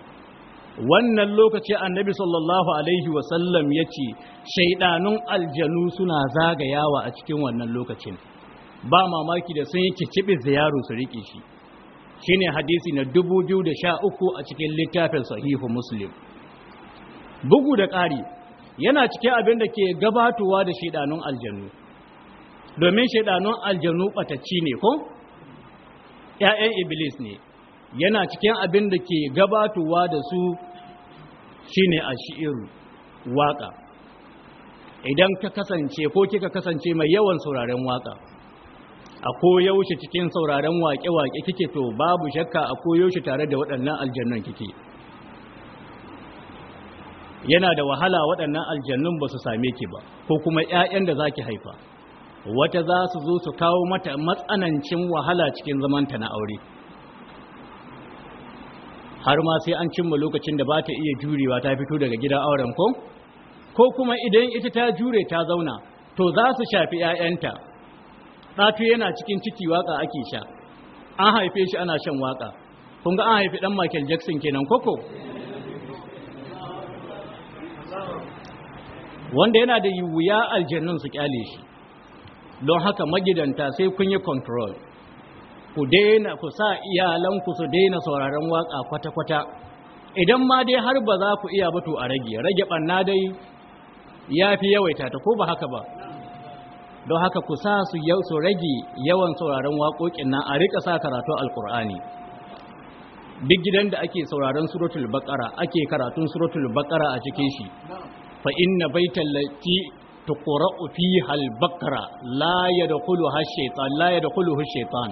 wannan lokaci annabi sallallahu alaihi wasallam ya ce shaidanun aljanu suna zagayawa a cikin wannan lokacin ba mamaki da sun yi kicibi ziyaru su riƙe shi shine hadisi na 2013 a cikin littafin sahihu muslim bugu da ƙari yana cikin abin da ke gabatowa da shaidanun aljannu domin shaidanun aljannu batacci ne ko 'Ya'yan iblis ne yana cikin abin da ke gabatowa da su shine shi’iru waka idan ka kasance ko kika kasance mai yawan sauraren waƙa, a koyaushe cikin sauraren waƙe wake kike to babu shakka a koyaushe tare da waɗannan aljannan kike yana da wahala waɗannan aljannun ba su same ki ba ko kuma 'ya'yan da za ki haifa wata za su zo su kawo mata matsanancin wahala cikin zamanta na aure har ma sai an cimma lokacin da ba ta iya jurewa ta fito daga gida auren ko ko kuma idan ita ta jure ta zauna to za su shafi 'ya'yanta ɗafi yana cikin ciki waka ake sha an haife shi ana shan waka kun ga an haifi ɗan michael jackson kenan koko wanda yana da wuya aljannun su kyale shi don haka magidanta sai kun yi control ku daina ku sa iyalanku su daina sauraron waka kwata-kwata idan ma dai har ba za ku iya batu a rage rage banna dai ya fi yawaita ta ko ba haka ba don haka ku sa su yau su rage yawan sauraron waƙoƙin na a rika sa karatu Alƙur'ani, duk gidan da ake sauraron suratul baqara ake karatun suratul baqara a cikin shi fa inna baital lati tuqra'u fiha al-baqara la yadkhuluha shaytan la yadkhuluhu shaytan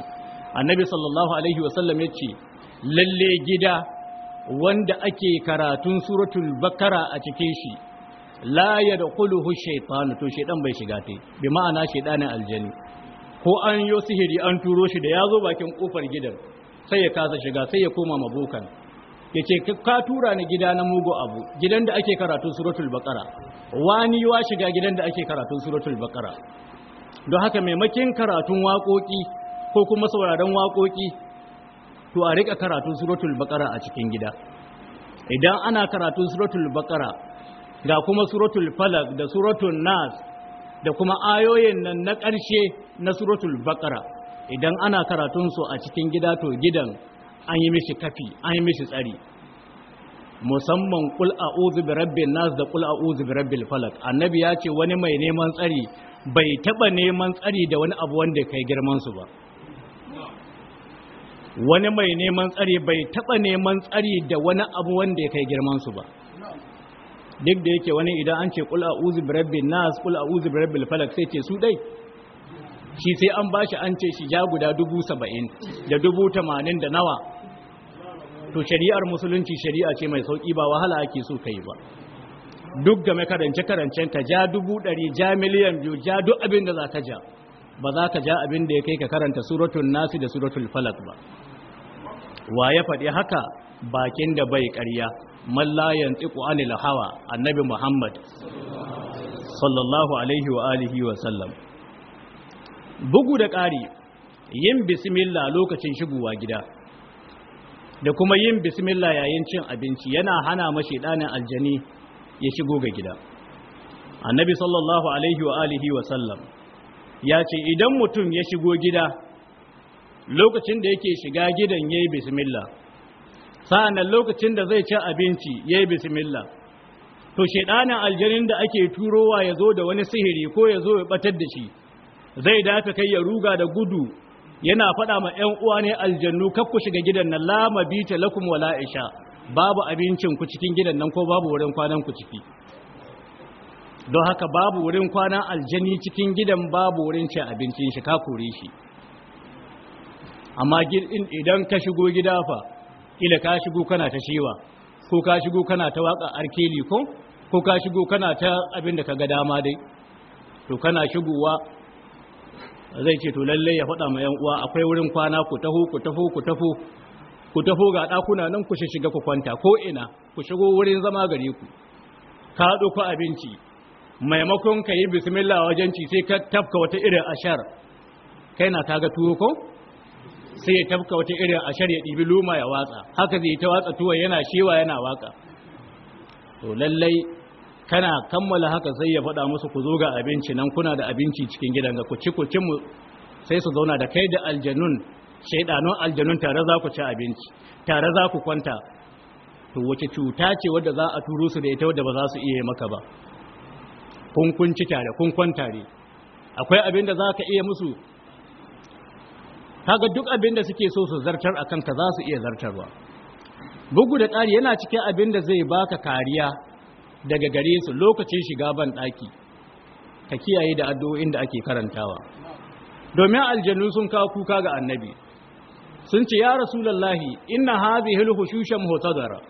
annabi sallallahu alaihi wasallam yace lalle gida wanda ake karatun suratul bakara a cikin shi la yadkhuluhu shaytan to shaydan bai shiga tai bi ma'ana shaydanin aljani ko an yo sihiri an turo shi da ya zo bakin ƙofar gidan sai ya kasa shiga sai ya koma ma mabokan ya ce ka tura ni gida na mugu abu gidan da ake karatun suratul bakara wani wa shiga gidan da ake karatun suratul bakara don haka maimakin karatun waƙoƙi ko kuma sauraron waƙoƙi to a rika karatun suratul bakara a cikin gida idan ana karatun suratul bakara ga kuma suratul falak da suratul nas da kuma ayoyin nan na ƙarshe na suratul bakara idan ana karatun su a cikin gida to gidan an yi mishi kafi an yi mishi tsari musamman kul a'udhu bi rabbin nas da kul a'udhu bi rabbil falak annabi ya ce wani mai neman tsari bai taba neman tsari da wani abu wanda kai girman su ba wani mai neman tsari bai taba neman tsari da wani abu wanda ya kai girman su ba duk da yake wani idan an ce kul a'udhu bi rabbin nas kul a'udhu bi rabbil falak sai ce su dai shi sai an bashi an ce shi ja guda dubu saba'in da dubu tamanin da nawa to shari'ar musulunci shari'a ce mai sauki ba wahala ake so kai ba duk game karance karancen ka ja dubu ɗari ja miliyan biyu ja duk abin da za ka ja ba za ka ja abin da ya kai ka karanta suratul nasi da suratul falak ba wa ya faɗi haka bakin da bai karya mallayan tsiku anil hawa annabi muhammad sallallahu alaihi wa alihi wa sallam bugu da ƙari yin bismillah lokacin shigowa gida da kuma yin bismillah yayin cin abinci yana hana mashi ɗanin aljani ya shigo ga gida annabi sallallahu alaihi wa alihi wa sallam ya ce idan mutum ya shigo gida lokacin da yake shiga gidan yayi bismillah sa'annan lokacin da zai ci abinci yayi bismillah to shedanin aljanin da ake turowa ya zo da wani sihiri ko ya zo ya batar da shi zai dafa kai ya ruga da gudu yana faɗa ma ‘yan uwa ne aljannu kakku shiga gidan nan lama ta lakum wala isha babu abincin ku cikin gidan nan ko babu wurin kwanan ku ciki don haka babu wurin kwanan aljani cikin gidan babu wurin cin abincin shi ka kore shi amma idan ka shigo gida fa ila ka shigo kana ta shewa ko ka shigo kana ta waka arkeli ko ko ka shigo kana ta abin da ka ga dama dai to kana shigowa zai ce to lallai ya faɗa ma yan uwa akwai wurin kwana ku taho ku taho ku taho ku taho ga ɗakuna nan ku shiga ku kwanta ko ina ku shigo wurin zama gare ku ka ku abinci maimakon ka yi bismillah wajen ci sai ka tafka wata irin ashar kai na kaga tuwo ko sai ya tafka wata irin ashar ya ɗibi luma ya watsa haka zai ta watsa tuwo yana shewa yana waka to lallai kana kammala haka sai ya faɗa musu ku zo ga abinci nan kuna da abinci cikin gidan ga ku ci ku ci mu sai su zauna da kai da aljanun shaidanun aljanun tare za ku ci abinci tare za ku kwanta to wace cuta ce wadda za a turo su da ita wadda ba za su iya maka ba kun kun ci tare kun kwanta ne akwai abin da za ka iya musu kaga duk abin da suke so su zartar akan ka za su iya zartarwa bugu da ƙari yana cikin abin da zai baka kariya daga gare su lokacin shiga ban ɗaki ka kiyaye da addu'o'in da ake karantawa domin aljanu sun kawo kuka ga annabi sun ce ya rasulallahi inna hadhihi al-hushusha muhtadara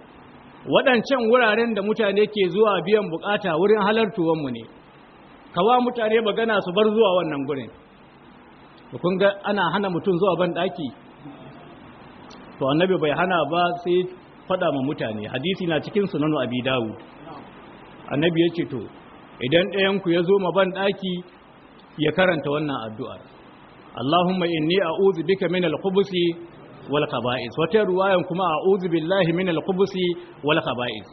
waɗancan wuraren da mutane ke zuwa biyan bukata wurin halartuwan ne kawa mutane magana su bar zuwa wannan gurin to kun ga ana hana mutum zuwa ban daki to annabi bai hana ba sai faɗa ma mutane hadisi na cikin sunan abi dawud annabi ya ce to idan ɗayanku ya zo ma ɗaki ya karanta wannan addu'ar Allahumma inni a'udhu bika min al wal khaba'is wata ruwayan kuma a'udhu billahi min al-khubusi wal khaba'is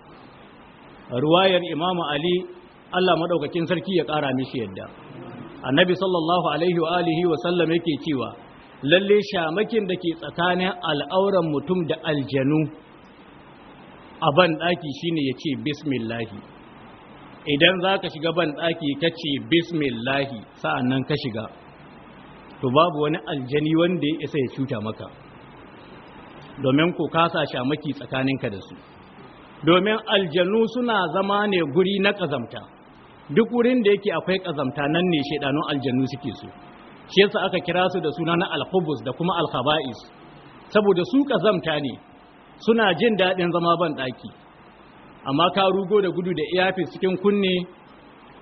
ruwayar Imam Ali Allah madaukakin sarki ya ƙara mishi yadda annabi sallallahu alaihi wa alihi wa sallam yake cewa lalle shamakin da ke tsakanin al'auran mutum da aljanu a ban ɗaki shine ya ce bismillahi idan za ka shiga ban ɗaki ka ce bismillahi sa'an nan ka shiga to babu wani aljani wanda ya isa ya cuta maka domin ka kasa shamaki tsakaninka da su domin aljanu suna zama ne guri na ƙazamta duk wurin da yake akwai ƙazamta nan ne shaidanun aljanu suke su shi yasa aka kira su da suna na alhubus da kuma alhaba'is saboda su ƙazamta ne suna jin daɗin zama ban ɗaki amma ka rugo da gudu da iyafi cikin kunne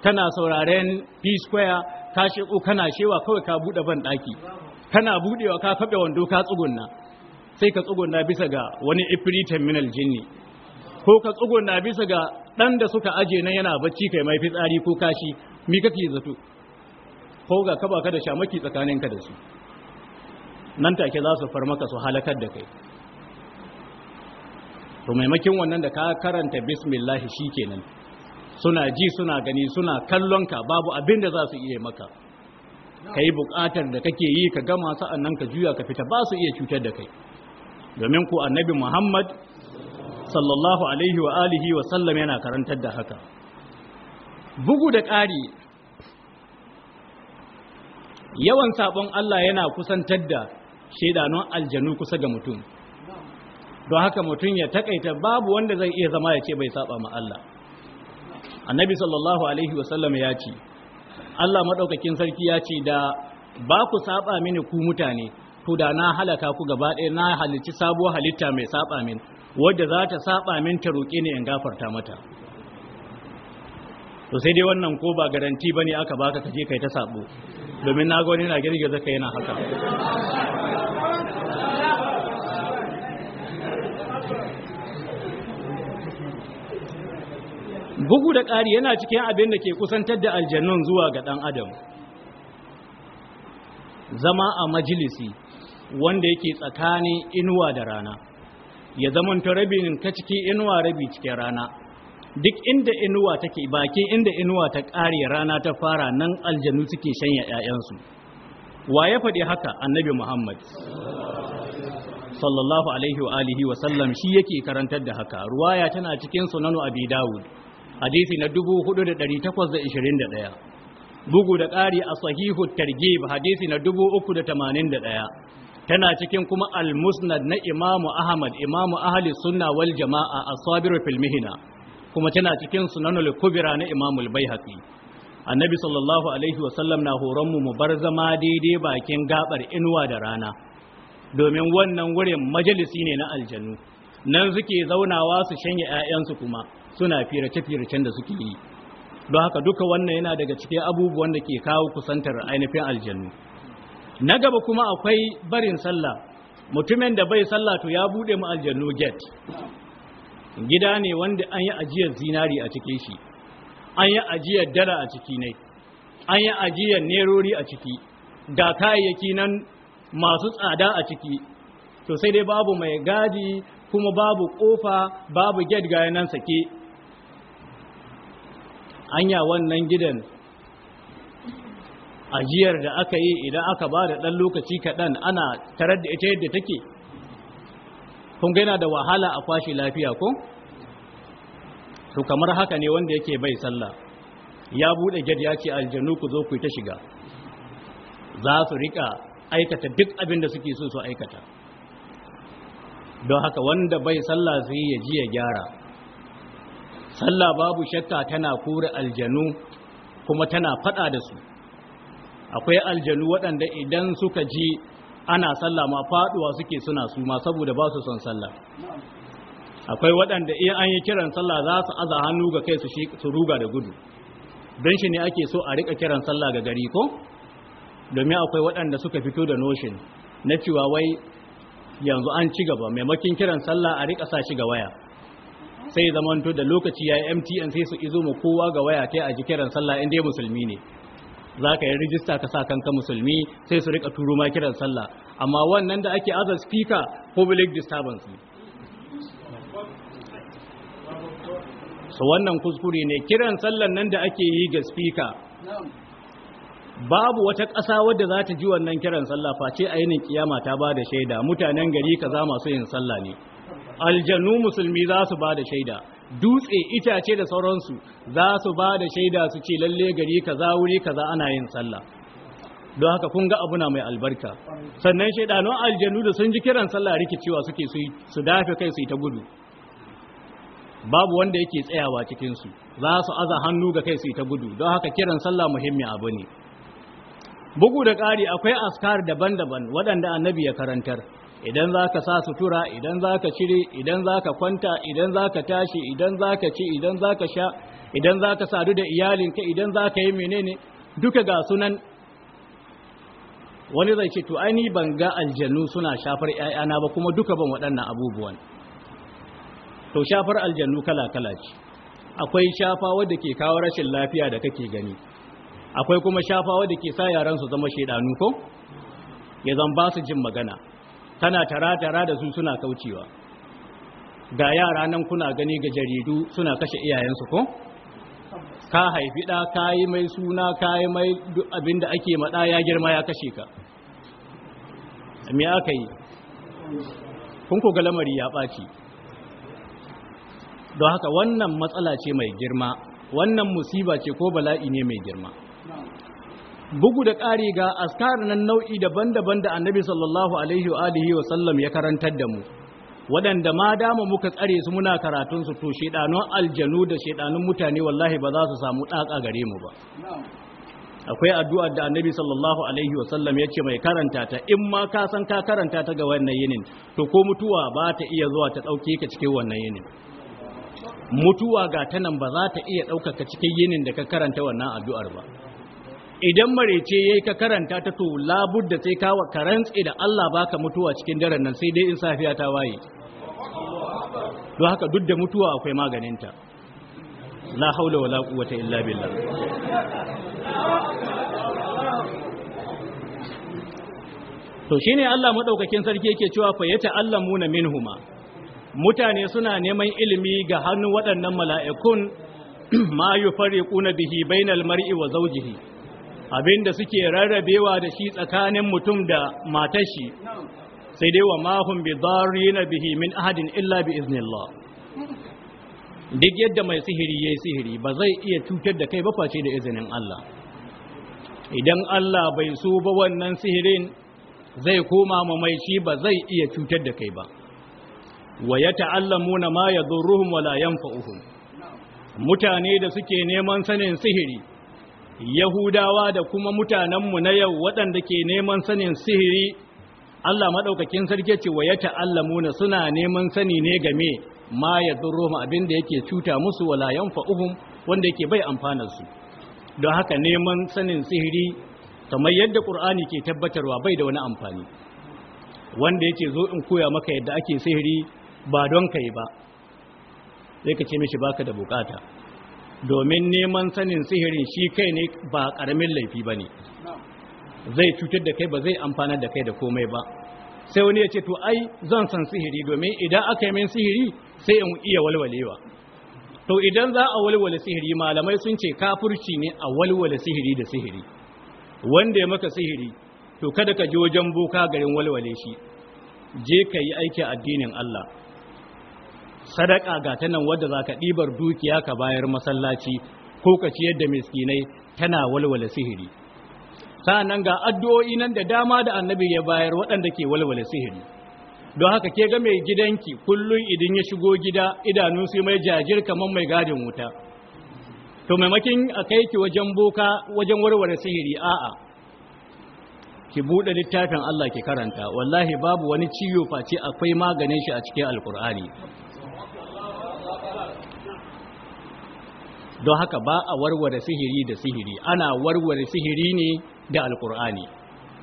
kana sauraren p square ka sheko kana shewa kawai ka bude ban daki kana budewa ka kabe wando ka tsugunna sai ka tsugunna bisa ga wani ifri terminal jinni ko ka tsugunna bisa ga dan da suka aje nan yana bacci kai mai fitsari ko kashi mi kake zato ko ga kaba ka da shamaki tsakaninka da su nan take za su far maka su halakar da kai to maimakin wannan da ka karanta bismillah kenan, suna ji suna gani suna kallon ka babu abin da za su iya maka ka yi bukatar da kake yi ka gama sa'annan ka juya ka fita ba su iya cutar da kai domin ku annabi muhammad sallallahu alaihi wa alihi wa sallam yana karantar da haka bugu da ƙari yawan sabon allah yana kusantar da shaidanun aljanu kusa ga mutum don haka mutum ya takaita babu wanda zai iya zama ya ce bai saba ma Allah annabi sallallahu alaihi wasallam ya ce Allah madaukakin sarki ya ce da ba ku saba mini ku mutane to da na halaka ku gaba ɗaya na halicci sabuwar halitta mai saba min wadda za ta saba min ta roƙe ni in gafarta mata to sai dai wannan ko ba garanti bane aka baka kaje kai ta sabo domin na ga wani na girgiza kai yana haka bugu da ƙari yana cikin abin da ke kusantar da aljannun zuwa ga ɗan adam zama a majalisi wanda yake tsakanin inuwa da rana ya zama rabin ka ciki inuwa rabi cikin rana duk inda inuwa take baki inda inuwa ta ƙare rana ta fara nan aljanu suke shanya 'ya'yansu wa ya faɗi haka annabi muhammad sallallahu alaihi wa wa sallam shi yake karantar da haka ruwaya tana cikin sunanu abi dawud hadisi na 4821 bugu da ƙari a sahihu targhib hadisi na 381 tana cikin kuma al-musnad na imamu ahmad imamu ahli sunna wal jama'a as-sabir fil mihna kuma tana cikin sunanul kubra na imamu al-baihaqi annabi sallallahu alaihi sallam na horon mu mu bar zama daidai bakin gabar inuwa da rana domin wannan wurin majalisi ne na aljanu nan suke zaunawa su shanye 'ya'yansu kuma suna firace-firacen da suke yi don haka duka wannan yana daga cikin abubuwan da ke kawo kusantar ainihin aljannu na gaba kuma akwai barin sallah mutumin da bai sallah to ya bude mu aljannu gate gida ne wanda an yi ajiyar zinari a cikin shi an yi ajiyar dara a ciki ne an yi ajiyar nerori a ciki da kayayyaki nan masu tsada a ciki to sai dai babu mai gadi kuma babu kofa babu gate ga nan sake anya wannan gidan ajiyar da aka yi idan aka ba da ɗan lokaci kaɗan ana tarar da ita yadda take kun gaina da wahala a kwashe lafiya ko? to kamar haka ne wanda yake bai sallah ya buɗe gad ya ce aljanu ku zo ku ta shiga za su riƙa aikata duk abin da suke so su aikata don haka wanda bai sallah sai ya ji ya gyara sallah babu shakka tana kura aljanu kuma tana fada da su akwai aljanu waɗanda idan suka ji ana sallah ma faduwa suke suna su ma saboda ba su son sallah akwai waɗanda in an yi kiran sallah za su aza hannu ga kai su ruga da gudu don shi ne ake so a rika kiran sallah ga gari ko domin akwai waɗanda suka fito da noshin na cewa wai yanzu an ci gaba maimakin kiran sallah a rika sa shi ga waya sai zamanto da lokaci ya yi mtn sai su izo ma kowa ga waya ta a jikiran sallah inda ya musulmi ne za ka yi rijista ka sa kanka musulmi sai su rika turo makiran kiran sallah amma wannan da ake aza speaker public disturbance ne so wannan kuskure ne kiran sallan nan da ake yi ga speaker babu wata ƙasa wadda za ta ji wannan kiran sallah face a yinin kiyama ta ba da shaida mutanen gari kaza masu yin sallah ne aljanu musulmi za su ba da shaida dutse itace da sauransu za su ba da shaida su ce lalle gari kaza wuri kaza ana yin sallah don haka kun ga abuna mai albarka sannan shaidanun aljanu da sun ji kiran sallah rikicewa suke su dafe kai su ta gudu babu wanda yake tsayawa cikinsu za su aza hannu ga kai su ta gudu don haka kiran sallah muhimmi abu ne bugu da ƙari akwai askar daban-daban waɗanda annabi ya karantar idan za ka sa sutura idan za ka cire idan za ka kwanta idan za ka tashi idan za ka ci idan za ka sha idan za ka sadu da iyalinka idan za ka yi menene duka ga sunan wani zai ce to aini ban ga aljannu suna shafar 'ya'yana ba kuma duka ban waɗannan abubuwan to shafar aljannu kala-kala ce akwai shafa wadda ke kawo rashin lafiya da kake gani akwai kuma shafa wadda ke sa yaran su zama shaidanu ko ya zan ba su jin magana tana tara-tara da su suna kaucewa ga yara nan kuna gani ga jaridu suna kashe iyayensu ko ka haifi ɗa ka yi mai suna ka yi mai abin da ake mada ya girma ya kashe ka me aka yi kun ko lamari ya ɓaci don haka wannan matsala ce mai girma wannan musiba ce ko bala'i ne mai girma bugu da ƙari ga askar nan nau'i daban-daban da annabi sallallahu alaihi wa alihi wa sallam ya karantar da mu waɗanda ma dama muka tsare su muna karatun su to shedanun aljanu da shedanun mutane wallahi ba za su samu ɗaka gare mu ba akwai addu'ar da annabi sallallahu alaihi wa sallam ya ce mai karanta ta in ma ka san ka karanta ta ga wannan yinin to ko mutuwa ba ta iya zuwa ta ɗauke ka cikin wannan yinin mutuwa ga ta nan ba za ta iya ɗaukaka cikin yinin da ka karanta wannan addu'ar ba idan marece yayi ka karanta ta to labudda sai ka karantsi da Allah baka mutuwa cikin daren nan sai dai in safiya ta waye don haka duk da mutuwa akwai maganinta la haula wala quwwata illa billah to shine Allah madaukakin sarki yake cewa fa muna minhuma mutane suna neman ilimi ga hannun waɗannan mala'ikun ma yufariquna bihi bainal mar'i wa zawjihi Abin da suke rarrabewa da shi tsakanin mutum da matar shi sai dai wa mahun bi na bihi min ahadin illa bi iznillah duk yadda mai sihiri yayi sihiri ba zai iya cutar da kai ba face da izinin Allah idan Allah bai so ba wannan sihirin zai koma ma mai shi ba zai iya cutar da kai ba wa yata'allamuna ma yadurruhum wala yanfa'uhum mutane da suke neman sanin sihiri yahudawa da kuma mutanenmu na yau waɗanda ke neman sanin sihiri Allah maɗaukakin sarki ce wa ya ta'allamuna suna neman sani ne game ma ya zurro abin da yake cuta musu wa layan fa’uhun wanda yake bai amfanar su don haka neman sanin sihiri kamar yadda ƙur'ani ke tabbatarwa bai da wani amfani wanda yake zo in koya maka yadda ake sihiri ba don kai ba sai ka ce mishi baka da bukata domin neman sanin sihirin shi kai ne ba ƙaramin laifi ba ne zai cutar da kai ba zai amfana da kai da komai ba sai wani ya ce to ai zan san sihiri domin idan aka yi min sihiri sai in iya walwalewa to idan za a walwale sihiri malamai sun ce kafurci ne a walwale sihiri da sihiri wanda ya maka sihiri to kada ka ji wajen boka garin walwale shi je ka yi aiki addinin Allah sadaka ga ta nan wadda za ka ɗibar dukiya ka bayar masallaci ko ka ciyar da miskinai tana walwala sihiri nan ga addu'o'i nan da dama da annabi ya bayar waɗanda ke walwala sihiri don haka ke ga mai gidanki kullum idan ya shigo gida idanu su mai jajir kamar mai gadin wuta to maimakin a kai ki wajen boka wajen warware sihiri a'a ki buɗe littafin Allah ki karanta wallahi babu wani ciwo face akwai maganin shi a cikin alkur'ani don haka ba a warware sihiri da sihiri ana warware sihiri ne da alkur'ani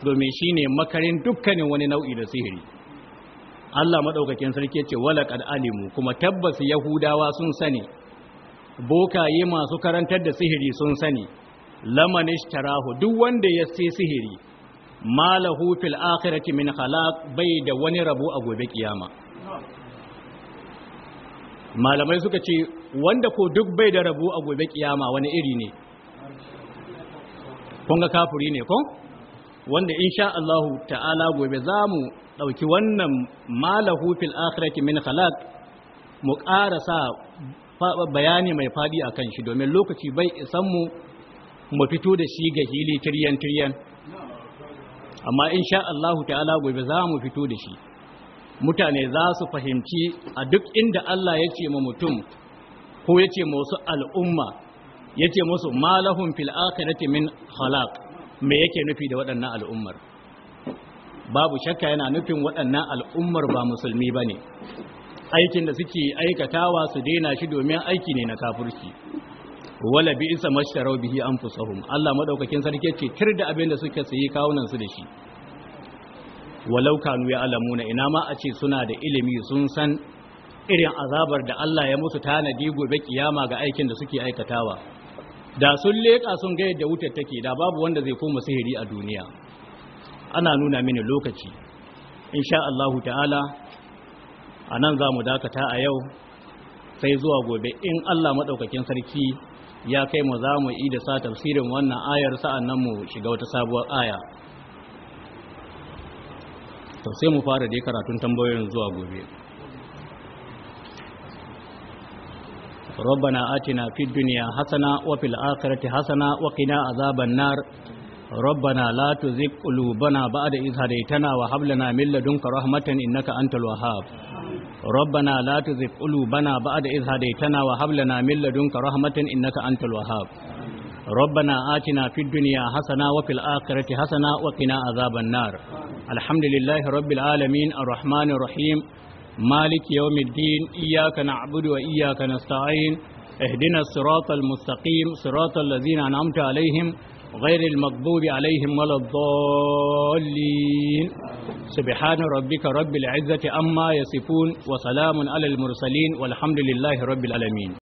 domin shi ne makarin dukkanin wani nau'i da sihiri allah maɗaukakin sarki ce walaƙar alimu kuma tabbas yahudawa sun sani bokaye masu karantar da sihiri sun sani lamanish tarahu duk wanda ya sai sihiri malahu fil akhirati min khalaq bai da wani rabo a gobe kiyama malamai suka ce wanda ko duk bai da rabu a gobe kiyama wani iri ne kunga kafuri ne ko wanda insha Allah ta'ala gobe za mu dauki wannan malahu fil akhirati min khalaq mu karasa bayani mai fadi akan shi domin lokaci bai isan mu mu fito da shi ga hili tiryan tiryan amma insha Allah ta'ala gobe zamu fito da shi mutane za su fahimci a duk inda Allah ya ce ma mutum ko yace musu al'umma yace musu malahum fil akhirati min khalaq me yake nufi da waɗannan al'ummar babu shakka yana nufin waɗannan al'ummar ba musulmi bane aikin da suke aikatawa su daina shi domin aiki ne na kafirci wala bi isa mashtarau bihi anfusahum Allah madaukakin sarki ce tir da abin da suke sayi kawunan su da shi walau kanu ya alamuna ina ma a ce suna da ilimi sun san irin azabar da Allah ya musu tanadi gobe kiyama ga aikin da suke aikatawa da sun leƙa sun ga yadda wutar take da babu wanda zai koma sihiri a duniya ana nuna mini lokaci insha Allah ta'ala anan nan za mu dakata a yau sai zuwa gobe in Allah maɗaukakin sarki ya kai mu za mu yi da sa tafsirin wannan ayar sa'an nan mu shiga wata sabuwar aya to sai mu fara dai karatun tambayoyin zuwa gobe ربنا آتنا في الدنيا حسنة وفي الآخرة حسنة وقنا عذاب النار ربنا لا تزغ قلوبنا بعد إذ هديتنا وهب لنا من لدنك رحمة إنك أنت الوهاب ربنا لا تزغ قلوبنا بعد إذ هديتنا وهب لنا من لدنك رحمة إنك أنت الوهاب ربنا آتنا في الدنيا حسنة وفي الآخرة حسنة وقنا عذاب النار الحمد لله رب العالمين الرحمن الرحيم مالك يوم الدين إياك نعبد وإياك نستعين اهدنا الصراط المستقيم صراط الذين أنعمت عليهم غير المغضوب عليهم ولا الضالين سبحان ربك رب العزة أما يصفون وسلام على المرسلين والحمد لله رب العالمين